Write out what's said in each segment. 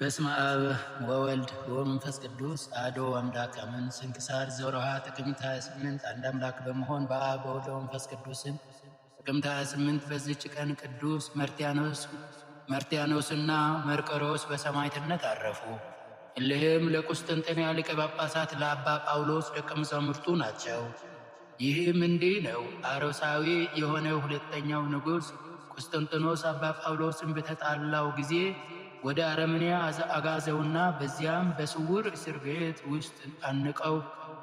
በስመ አብ ወወልድ ወመንፈስ ቅዱስ አሐዱ አምላክ አሜን። ስንክሳር ዘወርኃ ጥቅምት 28 አንድ አምላክ በመሆን በአብ በወልድ በመንፈስ ቅዱስም። ጥቅምት 28 በዚች ቀን ቅዱስ መርቲያኖስና መርቆሬዎስ በሰማዕትነት አረፉ። እሊህም ለቁስጥንጥንያ ሊቀ ጳጳሳት ለአባ ጳውሎስ ደቀ መዛሙርቱ ናቸው። ይህም እንዲህ ነው። አሮሳዊ የሆነው ሁለተኛው ንጉሥ ቁስጥንጥኖስ አባ ጳውሎስን በተጣላው ጊዜ ወደ አረመኔያ አጋዘውና በዚያም በስውር እስር ቤት ውስጥ አንቀው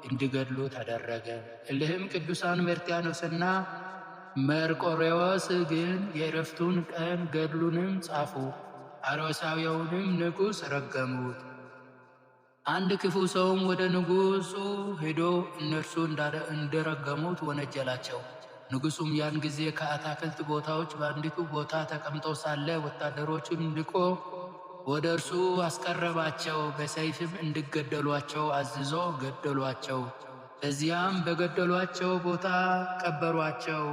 እንዲገድሉ ተደረገ። እልህም ቅዱሳን መርቲያኖስና መርቆሬዎስ ግን የእረፍቱን ቀን ገድሉንም ጻፉ፣ አሮሳዊውንም ንጉሥ ረገሙት። አንድ ክፉ ሰውም ወደ ንጉሡ ሄዶ እነርሱ እንደረገሙት ወነጀላቸው። ንጉሡም ያን ጊዜ ከአታክልት ቦታዎች በአንዲቱ ቦታ ተቀምጦ ሳለ ወታደሮቹን ልኮ ወደ እርሱ አስቀረባቸው። በሰይፍም እንዲገደሏቸው አዝዞ ገደሏቸው። በዚያም በገደሏቸው ቦታ ቀበሯቸው።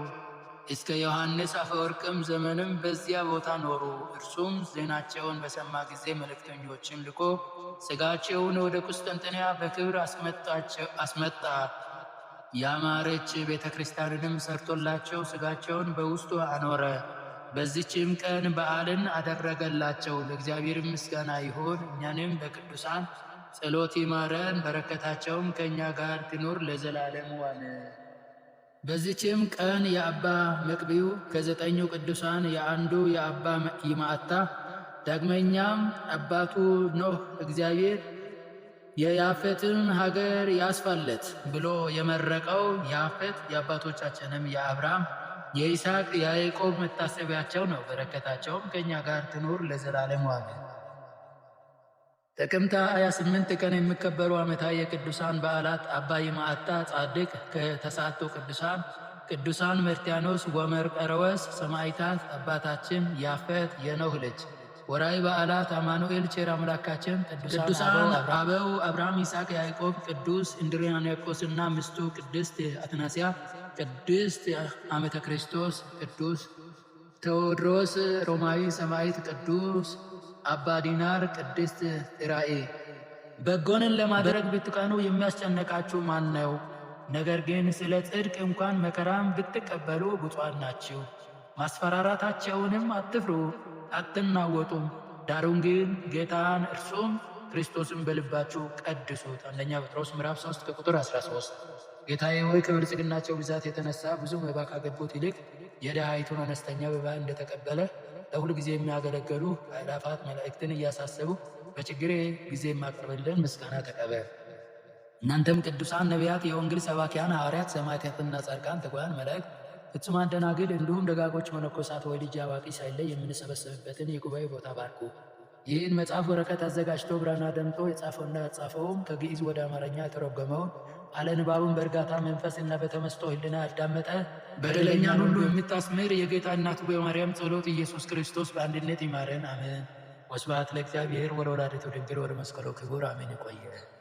እስከ ዮሐንስ አፈወርቅም ዘመንም በዚያ ቦታ ኖሩ። እርሱም ዜናቸውን በሰማ ጊዜ መልእክተኞችን ልኮ ሥጋቸውን ወደ ቁስጥንጥንያ በክብር አስመጣ። ያማረች ቤተ ክርስቲያንንም ሰርቶላቸው ሥጋቸውን በውስጡ አኖረ። በዚችም ቀን በዓልን አደረገላቸው። ለእግዚአብሔር ምስጋና ይሁን። እኛንም በቅዱሳን ጸሎት ይማረን፣ በረከታቸውም ከእኛ ጋር ትኑር ለዘላለም ዋነ። በዚችም ቀን የአባ መቅቢው ከዘጠኙ ቅዱሳን የአንዱ የአባ ይማዕታ ዳግመኛም አባቱ ኖህ እግዚአብሔር የያፌትን ሀገር ያስፋለት ብሎ የመረቀው ያፌት የአባቶቻችንም የአብርሃም የይስሐቅ የያዕቆብ መታሰቢያቸው ነው። በረከታቸውም ከእኛ ጋር ትኑር ለዘላለም ዋለ። ጥቅምት 28 ቀን የሚከበሩ ዓመታዊ የቅዱሳን በዓላት አባ ይምዓታ ጻድቅ ከተሳቶ ቅዱሳን፣ ቅዱሳን መርትያኖስ ወመርቀረወስ ሰማዕታት፣ አባታችን ያፌት የኖኅ ልጅ ወራይ በዓላት አማኑኤል ቼር አምላካችን ቅዱሳን አበው አብርሃም፣ ይስሐቅ፣ ያዕቆብ፣ ቅዱስ እንድሪያኖስ እና ሚስቱ ቅድስት አትናስያ፣ ቅድስት አመተ ክርስቶስ፣ ቅዱስ ቴዎድሮስ ሮማዊ ሰማዕት፣ ቅዱስ አባ ዲናር፣ ቅድስት ጥራኤ። በጎንን ለማድረግ ብትቀኑ የሚያስጨነቃችሁ ማን ነው? ነገር ግን ስለ ጽድቅ እንኳን መከራም ብትቀበሉ ብፁዓን ናችሁ። ማስፈራራታቸውንም አትፍሩ አትናወጡም። ዳሩን ግን ጌታን እርሱም ክርስቶስን በልባችሁ ቀድሱት። አንደኛ ጴጥሮስ ምዕራፍ 3 ከቁጥር 13። ጌታዬ ሆይ ከብልጽግናቸው ብዛት የተነሳ ብዙ መባ ካገቡት ይልቅ የድሃይቱን አነስተኛ መባ እንደተቀበለ ለሁል ጊዜ የሚያገለግሉ አእላፋት መላእክትን እያሳሰቡ በችግሬ ጊዜ የማቀርብልን ምስጋና ተቀበል። እናንተም ቅዱሳን ነቢያት፣ የወንጌል ሰባኪያን ሐዋርያት፣ ሰማዕታትና ጻድቃን፣ ትጉሃን መላእክት ፍጹም አደናግል እንዲሁም ደጋጎች መነኮሳት ወይ ልጅ አዋቂ ሳይለይ የምንሰበሰብበትን የጉባኤ ቦታ ባርኩ። ይህን መጽሐፍ ወረቀት አዘጋጅቶ ብራና ደምጦ የጻፈውና ያጻፈውም ከግዕዝ ወደ አማርኛ የተረጎመውን አለንባቡን በእርጋታ መንፈስና በተመስጦ ሕልና ያዳመጠ በደለኛን ሁሉ የምታስምር የጌታ እናቱ በማርያም ጸሎት ኢየሱስ ክርስቶስ በአንድነት ይማረን፣ አሜን። ወስብሐት ለእግዚአብሔር ወለወላዲቱ ድንግል ወለመስቀሉ ክቡር፣ አሜን። ይቆየ